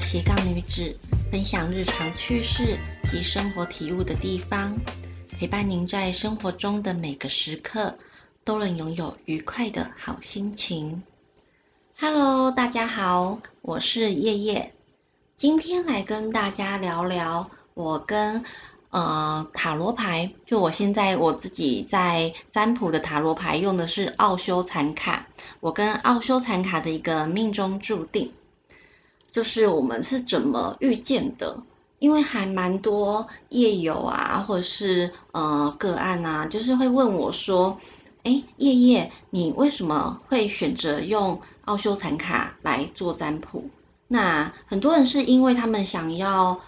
斜槓女子分享日常趣事及生活體悟的地方，陪伴您在生活中的每個時刻都能擁有愉快的好心情。Hello，大家好，我是曄曄，今天來跟大家聊聊我跟呃塔羅牌。就我現在我自己在占卜的塔羅牌用的是奧修禪卡，我跟奧修禪卡的一個命中注定。就是我們是怎麼遇見的？因為還蠻多業友啊，或者是呃個案啊，就是會問我說：“哎，曄曄，你為什麼會選擇用奧修禪卡來做占卜？”那很多人是因為他們想要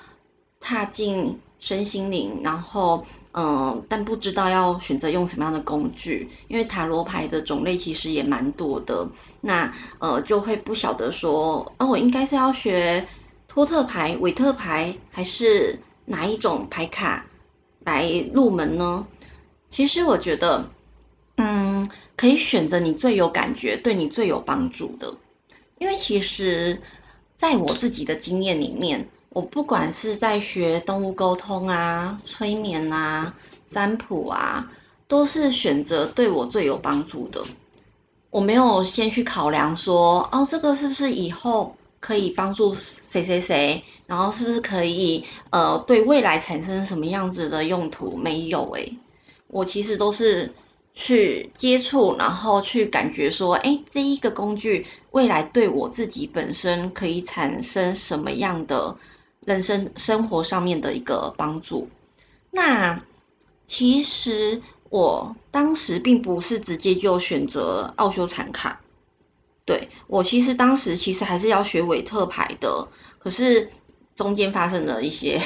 踏進。身心靈，然後嗯、呃，但不知道要選擇用什麼樣的工具，因為塔羅牌的種類其實也蠻多的，那呃就會不曉得說，啊，我應該是要學托特牌、韋特牌還是哪一種牌卡來入門呢？其實我覺得，嗯，可以選擇你最有感覺、對你最有幫助的，因為其實在我自己的經驗裡面。我不管是在學動物溝通啊、催眠啊、占卜啊，都是選擇對我最有幫助的。我沒有先去考量說，哦，這個是不是以後可以幫助誰誰誰？然後是不是可以呃對未來產生什麼樣子的用途？沒有哎、欸，我其實都是去接觸，然後去感覺說，哎，這一個工具未來對我自己本身可以產生什麼樣的？人生生活上面的一個幫助。那其實我當時並不是直接就選擇奧修禪卡，對我其實當時其實還是要學韋特牌的。可是中間發生了一些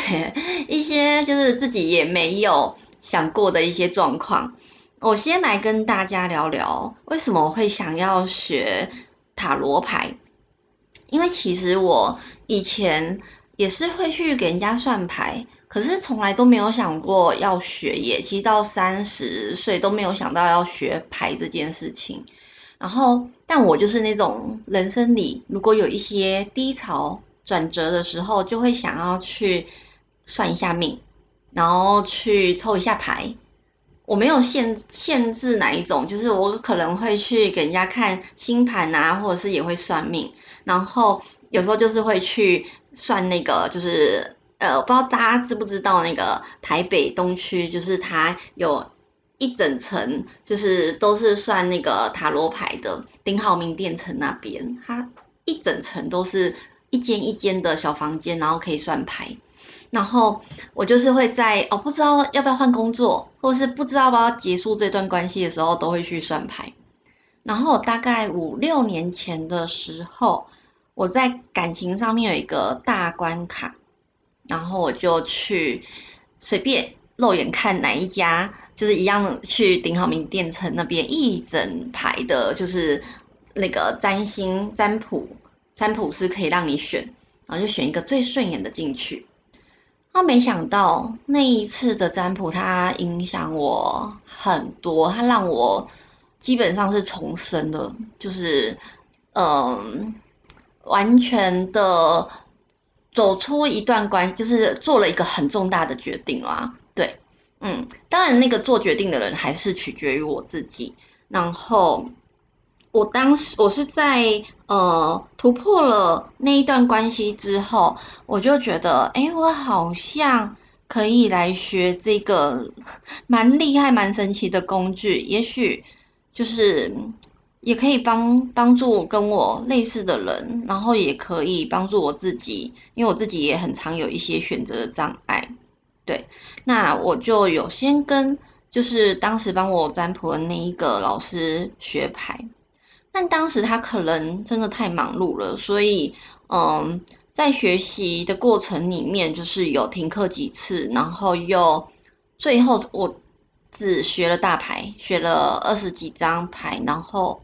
一些，就是自己也沒有想過的一些狀況。我先來跟大家聊聊，為什麼會想要學塔羅牌？因為其實我以前。也是會去給人家算牌，可是從來都沒有想過要學也。也其實到三十歲都沒有想到要學牌這件事情。然後，但我就是那種人生裡，如果有一些低潮轉折的時候，就會想要去算一下命，然後去抽一下牌。我沒有限限制哪一種，就是我可能會去給人家看星盤啊，或者是也會算命，然後有時候就是會去算那個，就是呃，我不知道大家知不知道那個台北東區，就是它有一整層，就是都是算那個塔羅牌的，頂好名店城那邊，它一整層都是一間一間的小房間，然後可以算牌。然後我就是會在哦，不知道要不要換工作，或者是不知道要不要結束這段關係的時候，都會去算牌。然後大概五六年前的時候，我在感情上面有一個大關卡，然後我就去隨便肉眼看哪一家，就是一樣去鼎好名店城那邊一整排的，就是那個占星、占卜、占卜師可以讓你選，然後就選一個最順眼的進去。他沒想到那一次的占卜，它影響我很多，它讓我基本上是重生的，就是嗯、呃，完全的走出一段關係，就是做了一個很重大的決定啦、啊。對，嗯，當然那個做決定的人還是取決於我自己，然後。我當時我是在呃突破了那一段關係之後，我就覺得，誒，我好像可以來學這個蠻厲害、蠻神奇的工具，也許就是也可以幫幫助跟我類似的人，然後也可以幫助我自己，因為我自己也很常有一些選擇障礙。對，那我就有先跟就是當時幫我占卜的那一個老師學牌。但當時他可能真的太忙碌了，所以嗯，在學習的過程裡面，就是有停課幾次，然後又最後我只學了大牌，學了二十幾張牌，然後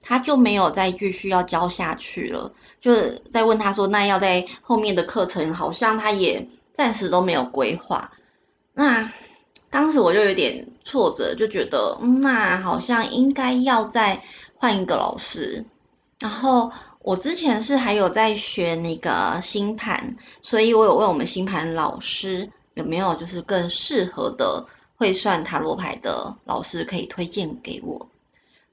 他就沒有再繼續要教下去了。就是在問他說，那要在後面的課程，好像他也暫時都沒有規劃。那當時我就有點挫折，就覺得，嗯，那好像應該要在。換一個老師，然後我之前是還有在學那個星盤，所以我有問我們星盤老師有沒有就是更適合的會算塔羅牌的老師可以推薦給我。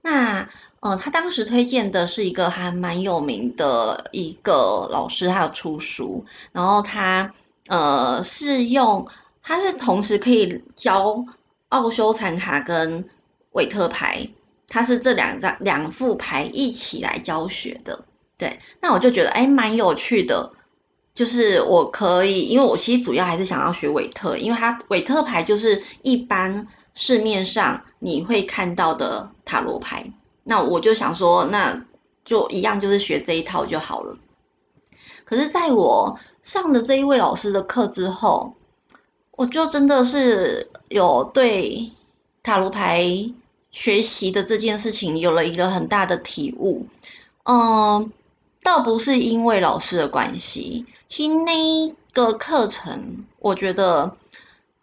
那呃，他當時推薦的是一個還蠻有名的一個老師，他有出書，然後他呃是用，他是同時可以教奧修禪卡跟韋特牌。它是這兩張兩副牌一起來教學的，對，那我就覺得誒，蠻有趣的，就是我可以，因為我其實主要還是想要學韋特，因為它韋特牌就是一般市面上你會看到的塔羅牌，那我就想說，那就一樣就是學這一套就好了。可是，在我上了這一位老師的課之後，我就真的是有對塔羅牌，學習的這件事情有了一個很大的體悟，嗯、呃，倒不是因為老師的關係，其那個課程，我覺得，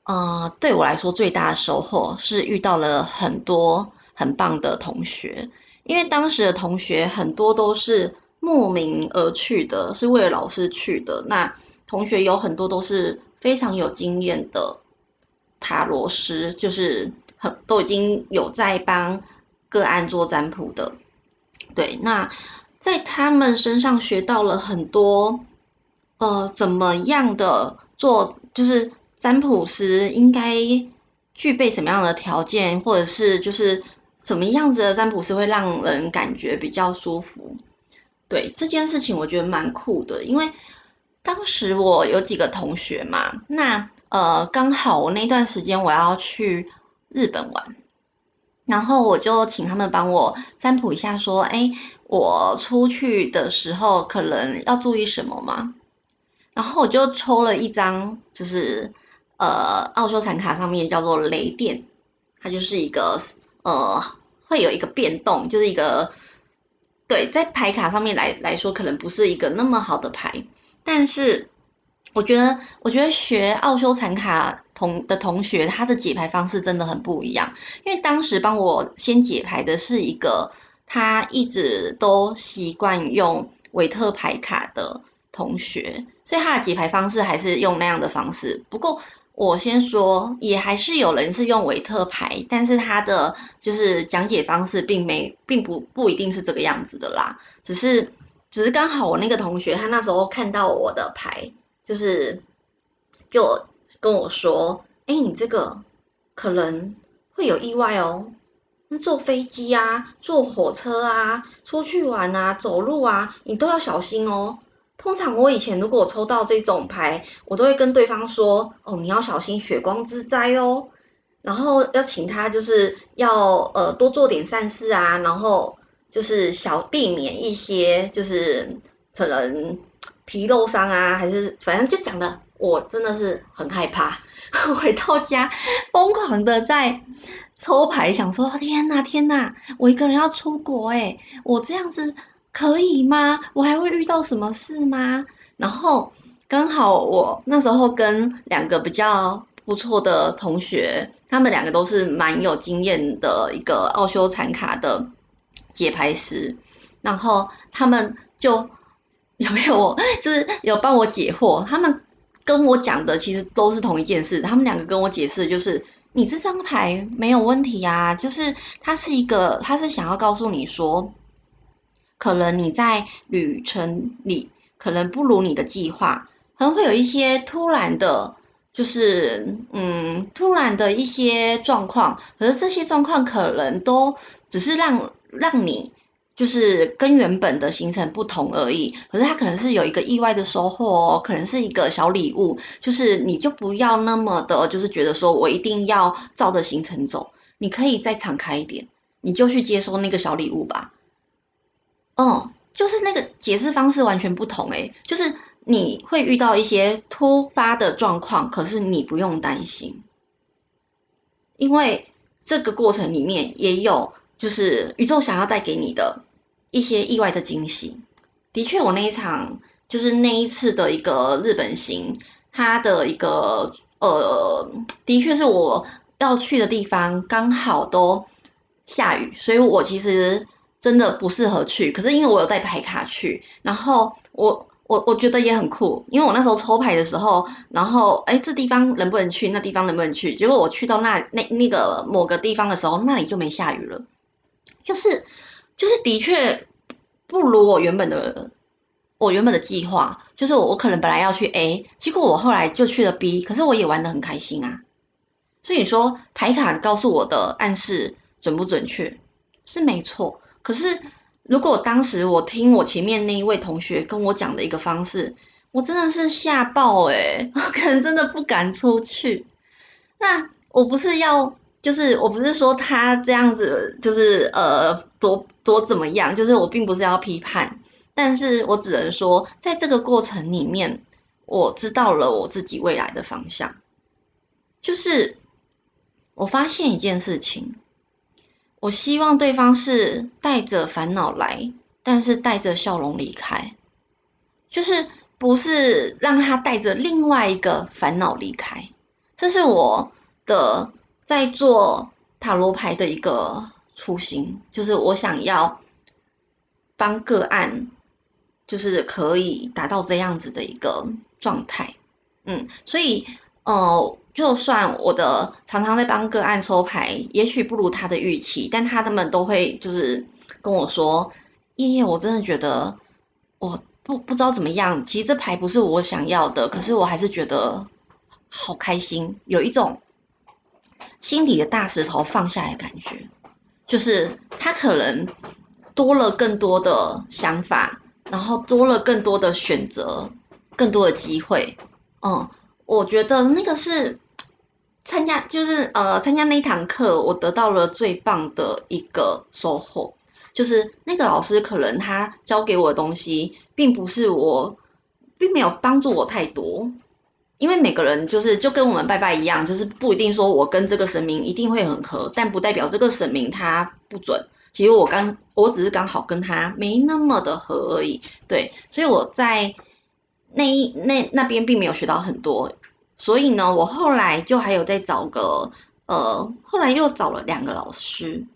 呃，對我來說最大的收穫是遇到了很多很棒的同學，因為當時的同學很多都是慕名而去的，是為了老師去的。那同學有很多都是非常有經驗的塔羅師，就是。都已經有在幫個案做占卜的，對，那在他們身上學到了很多，呃，怎麼樣的做，就是占卜師應該具備什麼樣的條件，或者是就是怎麼樣子的占卜師會讓人感覺比較舒服？對這件事情，我覺得蠻酷的，因為當時我有幾個同學嘛，那呃，剛好我那段時間我要去。日本玩，然後我就請他們幫我占卜一下，說：“哎，我出去的時候可能要注意什麼嗎？”然後我就抽了一張，就是呃奧修禪卡上面叫做雷電，它就是一個呃會有一個變動，就是一個對在牌卡上面來來說，可能不是一個那麼好的牌，但是我覺得我覺得學奧修禪卡。的同學，他的解牌方式真的很不一樣。因為當時幫我先解牌的是一個他一直都習慣用韋特牌卡的同學，所以他的解牌方式還是用那樣的方式。不過我先說，也還是有人是用韋特牌，但是他的就是講解方式，並沒並不不一定是這個樣子的啦。只是只是剛好我那個同學，他那時候看到我的牌，就是就。跟我說：“哎、欸，你這個可能會有意外哦、喔。那坐飛機啊，坐火車啊，出去玩啊，走路啊，你都要小心哦、喔。通常我以前如果抽到這種牌，我都會跟對方說：‘哦、喔，你要小心血光之災哦。’然後要請他，就是要呃多做點善事啊，然後就是小避免一些，就是可能皮肉傷啊，還是反正就講的。”我真的是很害怕，回到家瘋狂的在抽牌，想說：天吶，天吶，我一個人要出國哎、欸，我這樣子可以嗎？我還會遇到什麼事嗎？然後剛好我那時候跟兩個比較不錯的同學，他們兩個都是蠻有經驗的一個奧修禪卡的解牌師，然後他們就有沒有我，就是有幫我解惑，他們。跟我講的其實都是同一件事，他們兩個跟我解釋就是，你這張牌沒有問題啊，就是他是一個，他是想要告訴你說，可能你在旅程裡可能不如你的計劃，可能會有一些突然的，就是嗯，突然的一些狀況，可是這些狀況可能都只是讓讓你。就是跟原本的行程不同而已，可是它可能是有一個意外的收穫哦，可能是一個小禮物。就是你就不要那麼的，就是覺得說我一定要照着行程走，你可以再敞開一點，你就去接收那個小禮物吧。哦，就是那個解釋方式完全不同哎，就是你會遇到一些突發的狀況，可是你不用擔心，因為這個過程裡面也有，就是宇宙想要帶給你的。一些意外的驚喜，的確，我那一場就是那一次的一個日本行，它的一個呃，的確是我要去的地方，剛好都下雨，所以我其實真的不適合去。可是因為我有帶牌卡去，然後我我我覺得也很酷，因為我那時候抽牌的時候，然後欸，這地方能不能去，那地方能不能去，結果我去到那那那個某個地方的時候，那裡就沒下雨了，就是。就是的確不如我原本的，我原本的計劃就是我我可能本來要去 A，結果我後來就去了 B，可是我也玩的很開心啊。所以你說牌卡告訴我的暗示準不準確？是沒錯。可是如果當時我聽我前面那一位同學跟我講的一個方式，我真的是嚇爆誒、欸，我可能真的不敢出去。那我不是要，就是我不是說他這樣子，就是呃多。多怎麼樣？就是我並不是要批判，但是我只能說，在這個過程裡面，我知道了我自己未來的方向。就是我發現一件事情，我希望對方是帶着煩惱來，但是帶着笑容離開，就是不是讓他帶着另外一個煩惱離開。這是我的在做塔羅牌的一個。初心就是我想要幫個案，就是可以達到這樣子的一個狀態，嗯，所以呃，就算我的常常在幫個案抽牌，也許不如他的預期，但他他們都會就是跟我說：“曄曄，我真的覺得我不不知道怎麼樣，其實這牌不是我想要的，可是我還是覺得好開心，嗯、有一種心底的大石頭放下來的感覺。”就是他可能多了更多的想法，然後多了更多的選擇，更多的機會。嗯，我覺得那個是參加，就是呃參加那一堂課，我得到了最棒的一個收穫。就是那個老師可能他教給我的東西，並不是我，並沒有幫助我太多。因為每個人就是就跟我們拜拜一樣，就是不一定說我跟這個神明一定會很合，但不代表這個神明他不準。其實我剛我只是剛好跟他沒那麼的合而已，對。所以我在那一那那邊並沒有學到很多，所以呢，我後來就還有在找個呃，後來又找了兩個老師，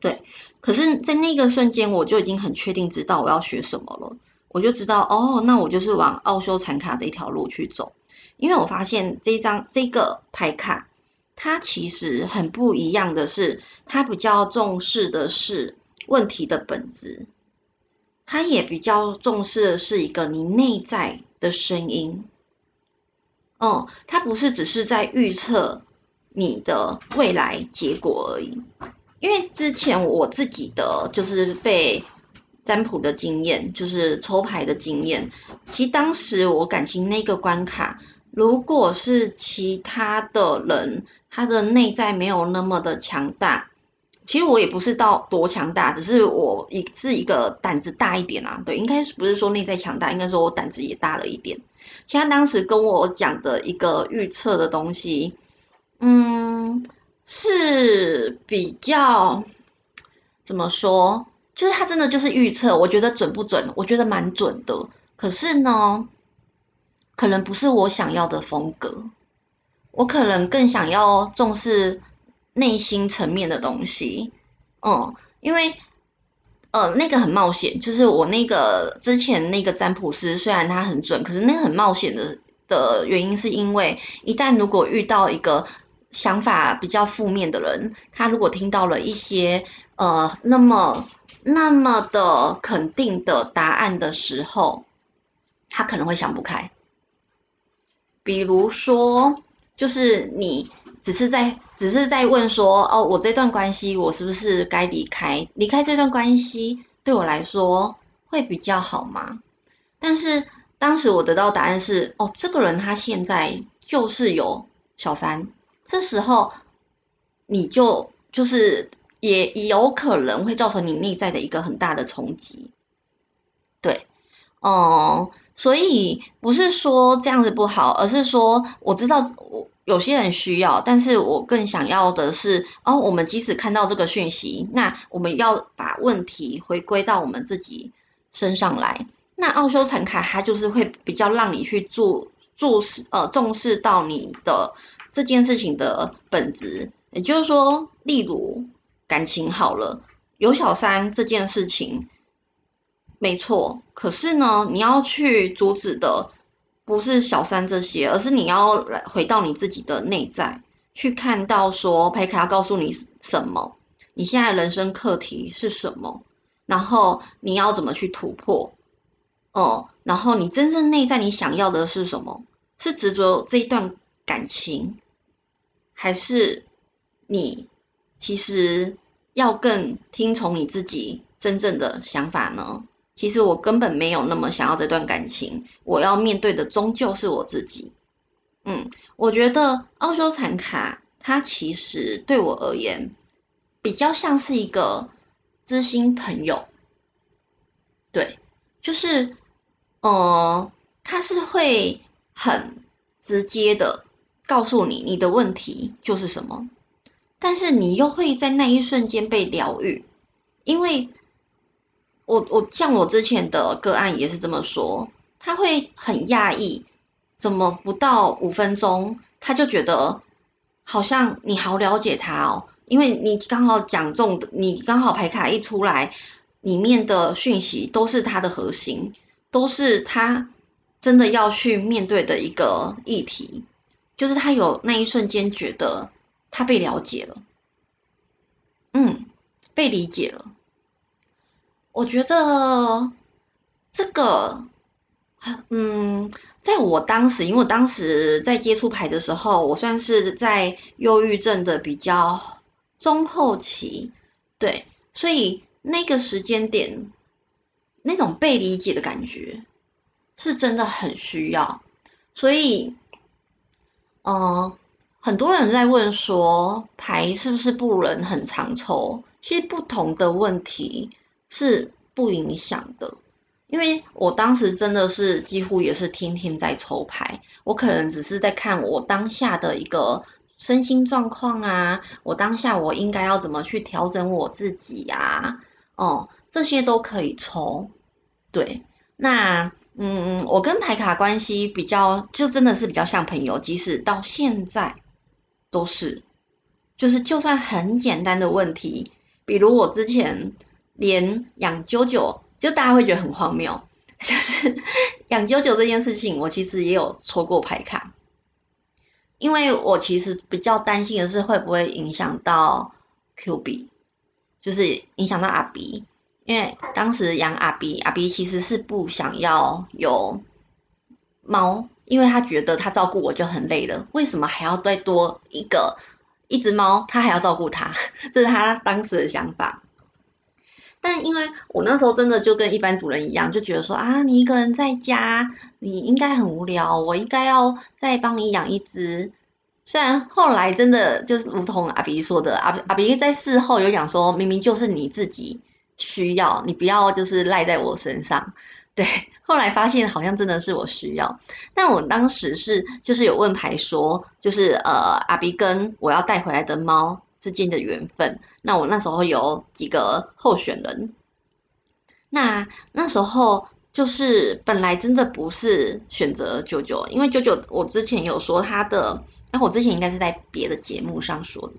對。可是，在那個瞬間，我就已經很確定知道我要學什麼了，我就知道哦，那我就是往奧修禪卡這一條路去走。因為我發現這張這個牌卡，它其實很不一樣的是，它比較重視的是問題的本質，它也比較重視的是一個你內在的聲音。哦、嗯，它不是只是在預測你的未來結果而已。因為之前我自己的就是被占卜的經驗，就是抽牌的經驗，其實當時我感情那個關卡。如果是其他的人，他的內在沒有那麼的強大。其實我也不是到多強大，只是我也是一個膽子大一點啊。對，應該不是說內在強大，應該說我膽子也大了一點。像他當時跟我講的一個預測的東西，嗯，是比較怎麼說？就是他真的就是預測，我覺得準不準？我覺得蠻準的。可是呢，可能不是我想要的風格，我可能更想要重視內心層面的東西。嗯，因為呃，那個很冒險，就是我那個之前那個占卜師，雖然他很準，可是那個很冒險的的原因，是因為一旦如果遇到一個想法比較負面的人，他如果聽到了一些呃那麼那麼的肯定的答案的時候，他可能會想不開。比如說，就是你只是在只是在問說，哦，我這段關係，我是不是該離開？離開這段關係對我來說會比較好嗎？但是當時我得到答案是，哦，這個人他現在就是有小三，這時候你就就是也有可能會造成你內在的一個很大的衝擊。對，哦，嗯。所以不是說這樣子不好，而是說我知道我有些人需要，但是我更想要的是，哦，我們即使看到這個訊息，那我們要把問題回歸到我們自己身上來。那奧修禪卡它就是會比較讓你去注重視，呃，重視到你的這件事情的本質，也就是說，例如感情好了，有小三這件事情。沒錯，可是呢，你要去阻止的不是小三這些，而是你要來回到你自己的內在，去看到說，牌卡要告訴你什麼？你現在的人生課題是什麼？然後你要怎麼去突破？哦，然後你真正內在你想要的是什麼？是執着這一段感情，還是你其實要更聽從你自己真正的想法呢？其實我根本沒有那麼想要這段感情，我要面對的終究是我自己。嗯，我覺得奧修禪卡它其實對我而言，比較像是一個知心朋友。對，就是呃，它是會很直接的告訴你你的問題就是什麼，但是你又會在那一瞬間被療癒，因為。我我像我之前的個案也是這麼說，他會很訝異，怎麼不到五分鐘，他就覺得好像你好了解他哦，因為你剛好講中的，你剛好牌卡一出來，裡面的訊息都是他的核心，都是他真的要去面對的一個議題，就是他有那一瞬間覺得他被了解了，嗯，被理解了。我覺得這個，嗯，在我當時，因為我當時在接觸牌的時候，我算是在憂鬱症的比較中後期，對，所以那個時間點，那種被理解的感覺是真的很需要，所以，嗯、呃，很多人在問說，牌是不是不能很常抽？其實不同的問題。是不影響的，因為我當時真的是幾乎也是天天在抽牌，我可能只是在看我當下的一個身心狀況啊，我當下我應該要怎麼去調整我自己呀、啊？哦、嗯，這些都可以抽。對，那嗯，我跟牌卡關係比較，就真的是比較像朋友，即使到現在都是，就是就算很簡單的問題，比如我之前。連養啾啾，就大家會覺得很荒謬。就是養啾啾這件事情，我其實也有錯過牌卡，因為我其實比較擔心的是會不會影響到 Q B，就是影響到阿 B，因為當時養阿 B，阿 B 其實是不想要有貓，因為他覺得他照顧我就很累了，為什麼還要再多一個一隻貓，他還要照顧他，這是他當時的想法。但因為我那時候真的就跟一般主人一樣，就覺得說啊，你一個人在家，你應該很無聊，我應該要再幫你養一隻。雖然後來真的就是如同阿比說的，阿阿比在事後有講說，明明就是你自己需要，你不要就是賴在我身上。對，後來發現好像真的是我需要。但我當時是就是有問牌說，就是呃，阿比跟我要帶回來的貓。之間的緣分。那我那時候有幾個候選人。那那時候就是本來真的不是選擇舅舅，因為舅舅我之前有說他的，那、啊、我之前應該是在別的節目上說的，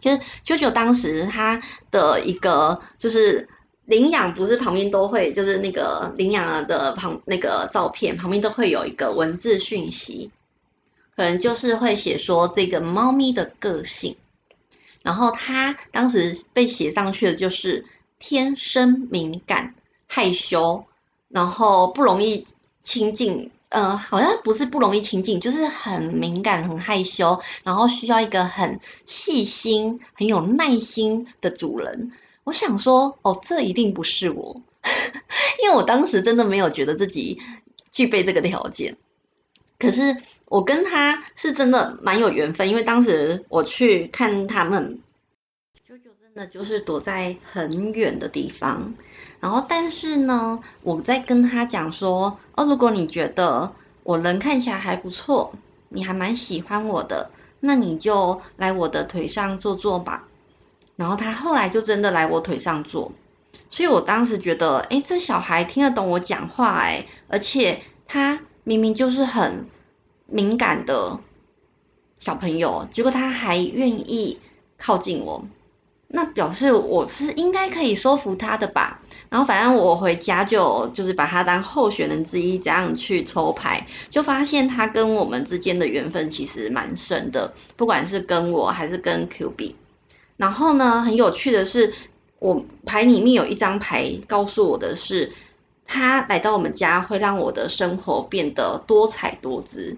就是舅舅當時他的一個就是領養，不是旁邊都會就是那個領養的旁那個照片旁邊都會有一個文字訊息，可能就是會寫說這個貓咪的個性。然後他當時被寫上去的就是天生敏感、害羞，然後不容易親近。呃，好像不是不容易親近，就是很敏感、很害羞，然後需要一個很細心、很有耐心的主人。我想說，哦，這一定不是我， 因為我當時真的沒有覺得自己具備這個條件。可是。我跟他是真的蠻有緣分，因為當時我去看他們，啾啾真的就是躲在很遠的地方，然後但是呢，我在跟他講說：“哦，如果你覺得我人看起來還不錯，你還蠻喜歡我的，那你就來我的腿上坐坐吧。”然後他後來就真的來我腿上坐，所以我當時覺得，哎、欸，這小孩聽得懂我講話、欸，哎，而且他明明就是很。敏感的小朋友，結果他還願意靠近我，那表示我是應該可以收服他的吧。然後反正我回家就就是把他當候選人之一，這樣去抽牌，就發現他跟我們之間的緣分其實蠻深的，不管是跟我還是跟 QB。然後呢，很有趣的是，我牌裡面有一張牌告訴我的是，他來到我們家會讓我的生活變得多彩多姿。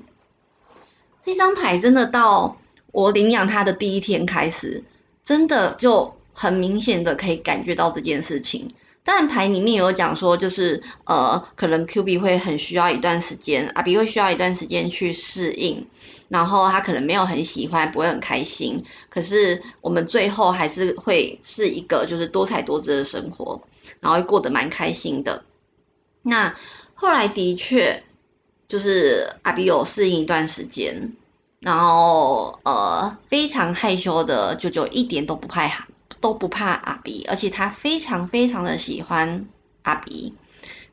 這張牌真的到我領養他的第一天開始，真的就很明顯的可以感覺到這件事情。但牌裡面有講說，就是呃，可能 Q B 會很需要一段時間，阿比會需要一段時間去適應，然後他可能沒有很喜歡，不會很開心。可是我們最後還是會是一個就是多彩多姿的生活，然後過得蠻開心的。那後來的確。就是阿比有適應一段時間，然後呃非常害羞的舅舅一點都不怕，都不怕阿比，而且他非常非常的喜歡阿比，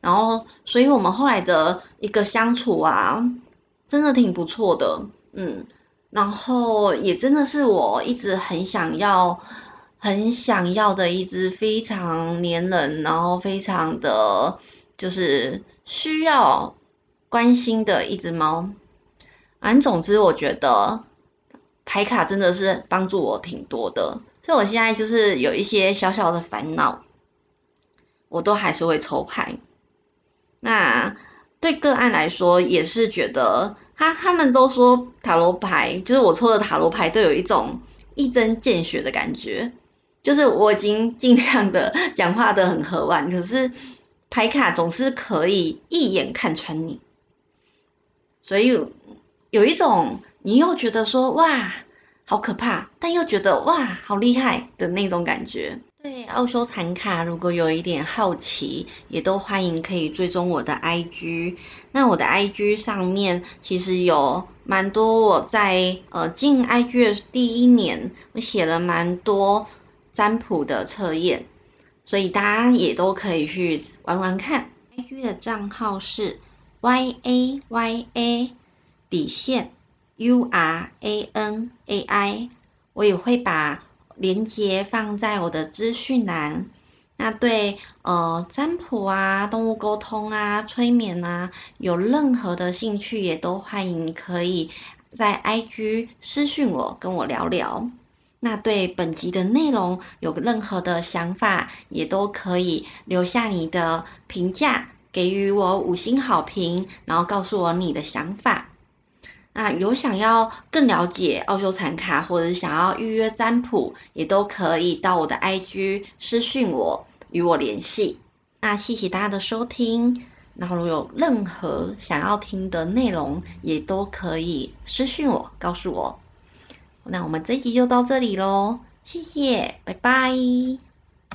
然後所以我們後來的一個相處啊，真的挺不錯的，嗯，然後也真的是我一直很想要很想要的一隻非常黏人，然後非常的就是需要。關心的一隻貓，反正、啊、總之，我覺得牌卡真的是幫助我挺多的，所以我現在就是有一些小小的煩惱，我都還是會抽牌。那對個案來說，也是覺得他他們都說塔羅牌，就是我抽的塔羅牌，都有一種一針見血的感覺，就是我已經盡量的講話的很和婉，可是牌卡總是可以一眼看穿你。所以有一種你又覺得說，哇好可怕，但又覺得哇好厲害的那種感覺。對，奧修禪卡。如果有一點好奇，也都歡迎可以追蹤我的 IG。那我的 IG 上面其實有蠻多我在呃進 IG 的第一年，我寫了蠻多占卜的測驗，所以大家也都可以去玩玩看。IG 的賬號是。y a y a，底線 u r a n a i。我也會把鏈接放在我的資訊欄。那對呃占卜啊、動物溝通啊、催眠啊，有任何的興趣，也都歡迎可以在 IG 私訊我，跟我聊聊。那對本集的內容，有任何的想法，也都可以留下你的評價。給予我五星好評，然後告訴我你的想法。那有想要更了解奧修禪卡，或者想要預約占卜，也都可以到我的 IG 私訊我與我聯繫。那謝謝大家的收聽，然後如果有任何想要聽的內容，也都可以私訊我告訴我。那我們這期就到這裡嘍，謝謝，拜拜。